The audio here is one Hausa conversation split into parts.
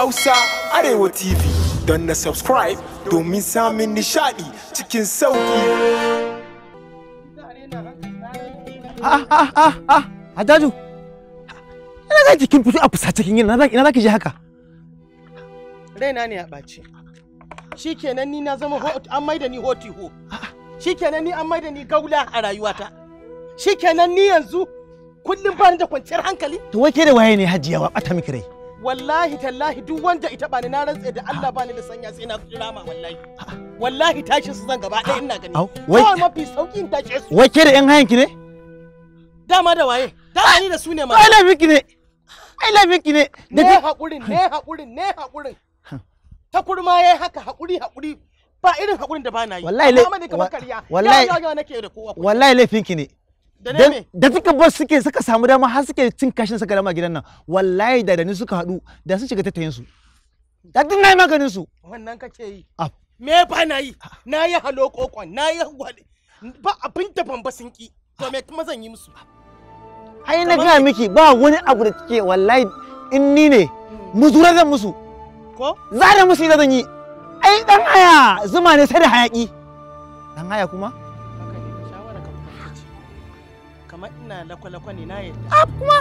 Hausa Arewa TV don na subscribe domin samun nishaɗi cikin sauƙi. A daju, ina ga cikin fito a fusa cikin yin ina za ki je haka? Raina ne a ɓace. Shi kenan ni na zama an maida ni hoti ho. Shi kenan ni an maida ni gaula a rayuwata. Shi kenan ni yanzu kullum ba da kwanciyar hankali. To wai ke da waye ne hajiya wa ɓata miki rai. wallahi tallahi duk wanda ita bani na rantse da Allah bani da sanya sai na ma wallahi wallahi tashi su zan gaba ɗaya ina gani wai mafi sauki in tashi su wai ke da yan hayan ki ne dama da waye dama ni da su ne ma ai lafi ki ne ai lafi ki ne ne hakurin ne hakurin ne hakurin ta kurma yayi haka hakuri hakuri ba irin hakurin da ba na yi wallahi wallahi wallahi laifin ki ne da suka bar suke suka samu dama har suke cin kashin suka dama gidan nan wallahi da dani suka haɗu da sun shiga tattayin su da duk nayi maganin su wannan kake yi ah. me ba na yi halo kokon na yi gwade ba abin da ban ba sun ki to me kuma zan yi musu ai na ga miki ba wani abu da kike wallahi in ni ne muzura zan musu ko zare musu idan zan yi ai dan haya zuma ne sai da hayaki dan haya kuma kamar ina lakwalakwa ne na yadda a ah, kuma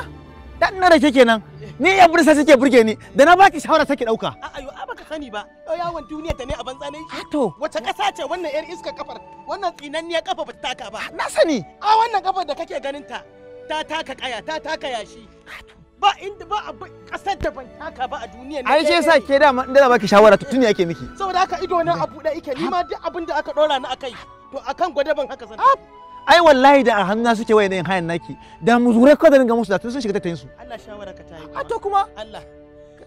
dan na rake kenan ni ya bursa suke burge ni da na baki shawara take dauka a ayo a baka sani ba yawon duniya ta ne a banza ne wacce ah, wace kasa ce wannan yar iska kafar wannan tsinanniyar kafa ba ta taka ba na sani a wannan kafar da kake ganin ta ta taka kaya ta taka yashi ah, ba inda ba a kasar da ban taka ba a duniya ne. Ai sa ke da inda da baki shawara to tuni yake miki. Saboda haka ido nan a bude ike ni ma duk abin da aka dora ni akai to akan gwada ban haka sani. ai wallahi da a hannuna suke waye yin hayan naki da muzurai ka da ringa musu da tun sun shiga tattayin su Allah shawara ka tayi a to kuma Allah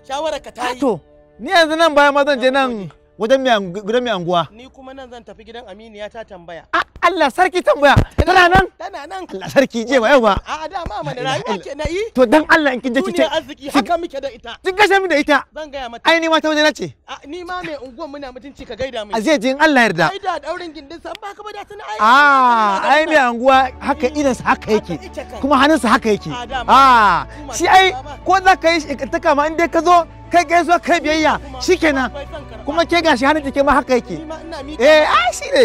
shawara ka tayi to ni yanzu nan baya ma zan je nan wajen mai gudan mai anguwa ni kuma nan zan tafi gidan Aminiya ta tambaya a Allah sarki tambaya tana nan tana nan Allah sarki je ba yau a da ma mana rayuwa ke na yi to dan Allah in kin je ki ce arziki haka muke da ita kin gashe mu da ita zan ga mata ai ni ma ta wajen nace ni ma mai unguwan muna mutunci ka gaida mu azai je in Allah yarda ai da daurin gindin san ba ka ba da tana ai ah ai mai unguwa haka mm. idan sa haka yake kuma hannun sa haka yake ah shi ai ko za ka yi shekataka ma in dai ka zo kai gaisuwa kai biyayya shikenan kuma ke gashi hannun jike ma haka yake eh ai shi ne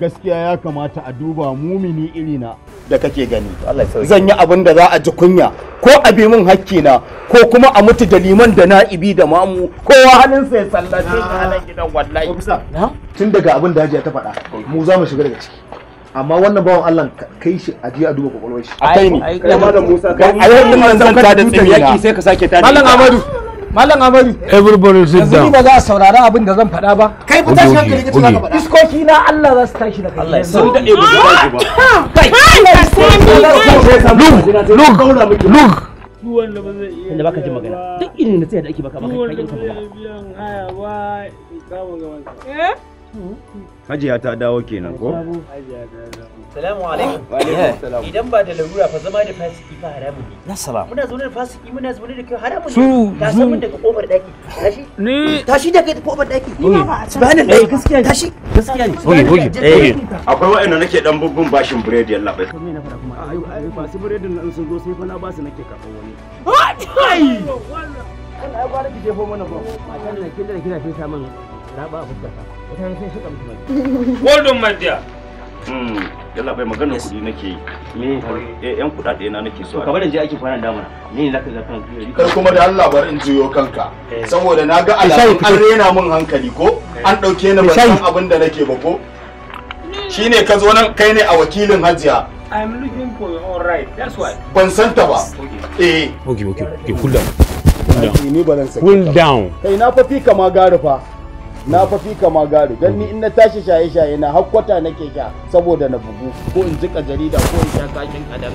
gaskiya ya kamata a duba mumini irina da kake gani zan yi abin da za a ji kunya ko a bi min na ko kuma a mutu da liman da na'ibi da mamu kowa halin sai sallace da halin gidan wallahi tun daga abin da hajiya ta faɗa mu za mu shiga daga ciki amma wannan bawan Allah kai shi a a duba kwakwalwar shi a kai ne kai ma da Musa kai a yau kuma nan zan ta da tsiya sai ka sake ta Allah Amadu Malam Amari. Everybody sit down. Yanzu ba za a saurari abin da zan faɗa ba. Kai ku tashi hankali kace zaka faɗa. Iskoki na Allah za su tashi da kai. Allah ya san da ebe ba ba. Kai. Ah! Ah! Look. Look. Look. Wanda ba zai iya. baka magana. Duk irin da ake baka baka kai Wanda ba zai iya biyan haya ba. Ka Eh? Hajiya ta dawo kenan ko? Salamu alaikum. Wa alaikum eh. salam. Idan ba da larura fa zama da fasiki fa haramu ne. Na salam. Muna zaune da fasiki muna zaune da kai haramu ne. Ta san mun daga kofar daki. Tashi. Ni. Tashi daga kofar daki. Ni ba a can. Bayanin dai eh, gaskiya ne. Tashi. Gaskiya ne. Oye oye. Eh. Akwai wa'annan nake dan bubbun bashin bread yalla bai. Kamar na fara kuma. Ai ba su bread nan sun zo sai fa na ba su nake kafa wani. Ai. Wallahi. Wannan ai gwara ki jefo mana ba. Ma Matan da kin da kila sai samun na ba abu my dear hmm, yalla bai kuɗi nake yi me eh, eh yan kudade na nake so kamar kwana ne zaka kan kar kuma da Allah bar in jiyo kanka eh. saboda na ga alamun an rena min hankali ko eh. an dauke ni ban san abin da nake ba ko shine ka zo nan kai ne a wakilin hajiya I'm looking for your right. That's why. Ban ba. Eh. Okay, okay. Okay, cool down. Cool down. Cool down. Kai na fa fi kama gari fa. na fafi kama gari don ni in na tashi shaye shaye na hakkwata nake sha saboda na bugu ko in jika jarida ko in sha kakin kadar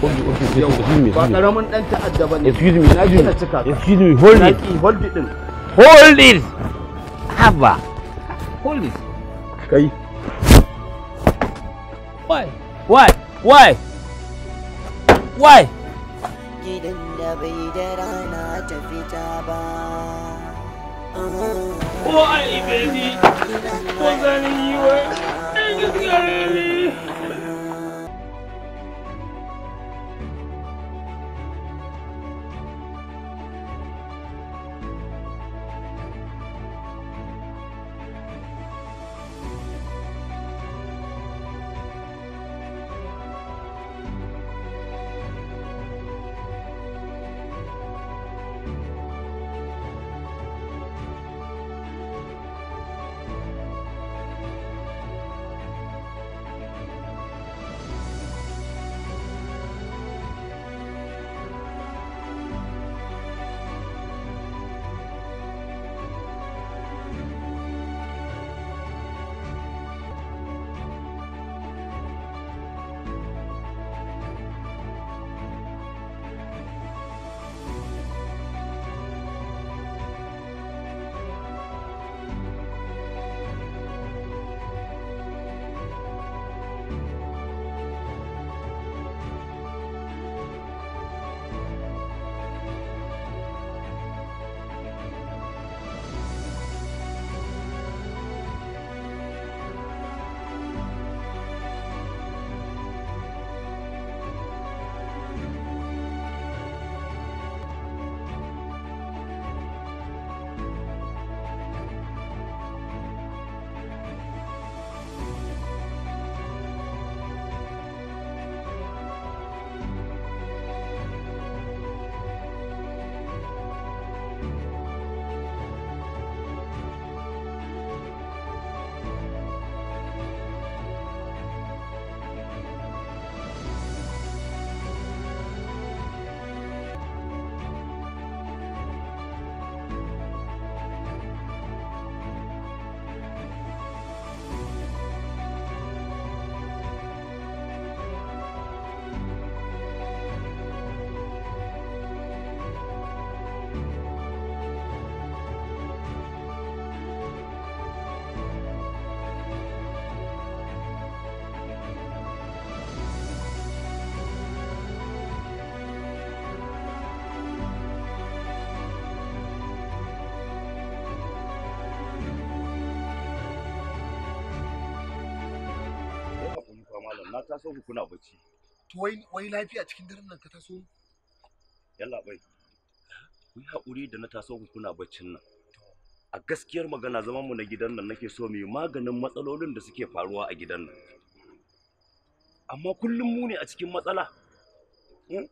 ba karamin dan ta'adda ba ne excuse na excuse me hold it hold kai why why why bai da ba 我爱你 baby 我在你以为爱的更爱你 na taso ku kuna bacci to wai wai lafiya cikin daren nan ka taso yalla bai ku haƙuri da na taso ku kuna baccin nan a gaskiyar magana zaman mu na gidan nan nake so mu maganin matsalolin da suke faruwa a gidan nan amma kullum mu ne a cikin matsala hmm?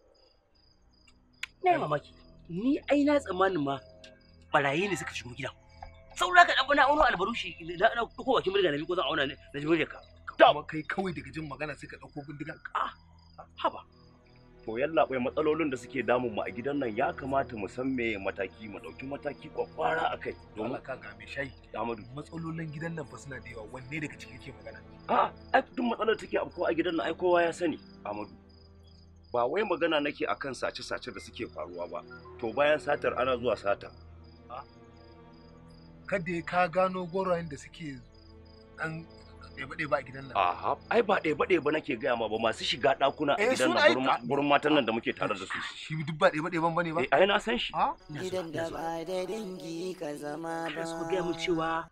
na mamaki ni ai na tsammanin ma barayi ne suka shigo gidan saura ka dan bana auno albarushi da na kowa kin na bi ko zan auna ne na ji murga ka kuma kai kawai daga jin magana sai ka ɗauko bindigan ka ah, haba to yalla bai matsalolin da suke damun mu a gidan nan ya kamata mu san meye mataki mu dauki mataki kwakwara akai domin ka ga mai shayi Amadu matsalolin gidan nan fa suna da yawa wanne daga ciki yake magana a ah, ai duk matsalar take afko a gidan nan ai kowa ya sani Amadu ba wai magana nake akan sace-sace da suke faruwa ba to bayan satar ana zuwa sata ah. kada ka gano gorayen da suke dan ɗaya ba a gidan nan. Aha, ai ba ɗaya ba ɗaya ba nake gaya ma ba masu shiga ɗakuna a eh, gidan nan gurin matan nan da muke tare da su. Shi duk ba ɗaya ba ɗaya ban bane ba. Eh, ai na san shi. Gidan da ba da dangi ka zama ba. Su gaya mu cewa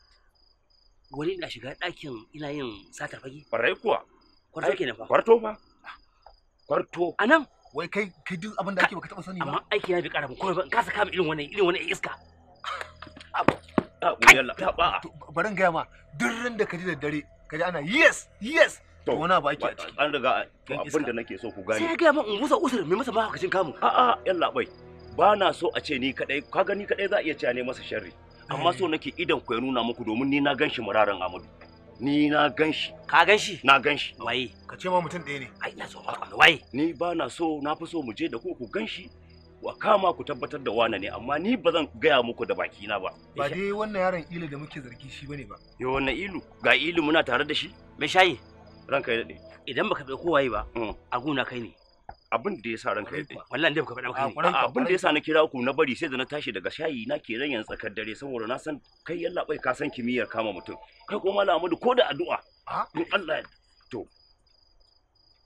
wani ina shiga ɗakin ina yin satar fage. farai kuwa. Kwarto nan fa. Kwarto fa. Kwarto. A nan. Wai kai kai duk abin da ake baka taɓa sani ba. Amma aiki na bai ƙara ba kuma ka kasa kama irin wani irin wani iska. Barin gaya ma duk ran da ka ji da dare kaji ana yes yes to wani abu ake ciki an riga abin da nake so ku gane sai ga mun in musa usur mai masa ba cin kamu a a yalla bai ba na so a ce ni kadai ka gani kadai za a iya cewa ne masa sharri amma eh. so nake idan ku ya nuna muku domin ni na ganshi muraran amadu ni na ganshi ka ganshi na ganshi waye ka ce ma mutum ɗaya ne ai na so waye ni ba na so na fi so mu je da ku ku ganshi wa kama ku tabbatar da wane ne amma ni ba zan gaya muku da baki na ba ba dai wannan yaron ilu da muke zargi shi bane ba yo wannan ilu ga ilu muna tare da shi mai shayi ranka ya dade idan baka bai kowaye ba mm. a guna kai ne abin da yasa ranka ya dade wallahi baka faɗa maka ne abin da yasa na kira ku na bari sai da na tashi daga shayi na ke ran yan tsakar dare saboda na san kai yalla bai ka san kimiyyar kama mutum kai ko malam ko da addu'a ah. in Allah to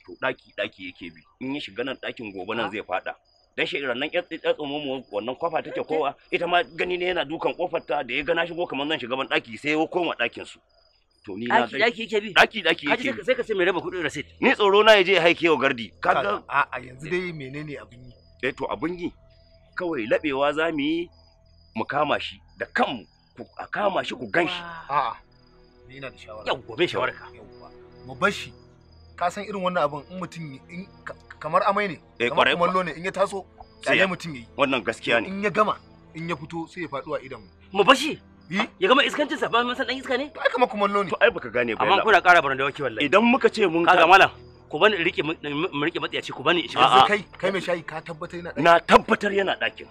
to daki daki yake bi in ya shiga nan dakin gobe nan ah. zai fada da shi nan ya mu wannan kwafa take kowa ita ma gani ne yana dukan kofar ta da ya gana shigo kaman nan shiga ban daki sai ya koma dakin su to ni na daki yake bi daki daki yake sai ka sai mai raba kudin receipt ni tsoro na yaje haike wa gardi kaga a a yanzu dai menene abin yi eh to abin yi kawai labewa za mu yi mu kama shi da kanmu ku a kama shi ku ganshi a'a ni na da shawara yau gobe shawarka yau mu bar shi ka san irin wannan abin in mutum in kamar amai ne eh, kamar kumallo ne in ya taso sai mutum yayi wannan gaskiya ne in ya gama in ya fito sai ya faduwa idan mu mu bashi ya gama iskancin sa ba mun san dan iska ne to ai kamar kumallo ne to ai baka gane ba amma kuna ƙara barin da wake wallahi idan muka ce mun kaga malam ku bani rike mu rike ce ku bani shi kai kai mai shayi ka tabbatar yana na tabbatar yana ɗakin.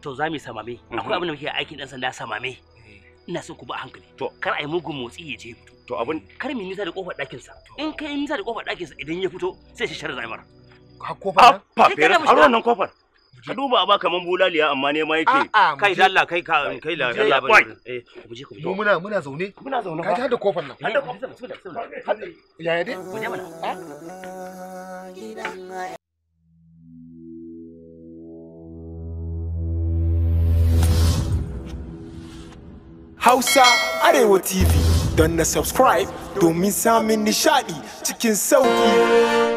to za mu samame akwai mhm. abin da muke aikin dan sanda samame eh. ina son ku ba hankali to kar ai mugun motsi ya je fito to abin kar mi nisa da kofar ɗakin sa in kai nisa da kofar ɗakin sa idan ya fito sai shi shar zaimar ha kofar fere har wannan kofar ka duba ba kaman bulaliya amma ne ma yake kai dalla kai ka kai la dalla ba eh mu je ku mu muna muna zaune muna zaune ka tada kofar nan hada kofar ya yade ku je mana Hausa Arewa TV don na subscribe domin samun nishaɗi cikin sauƙi.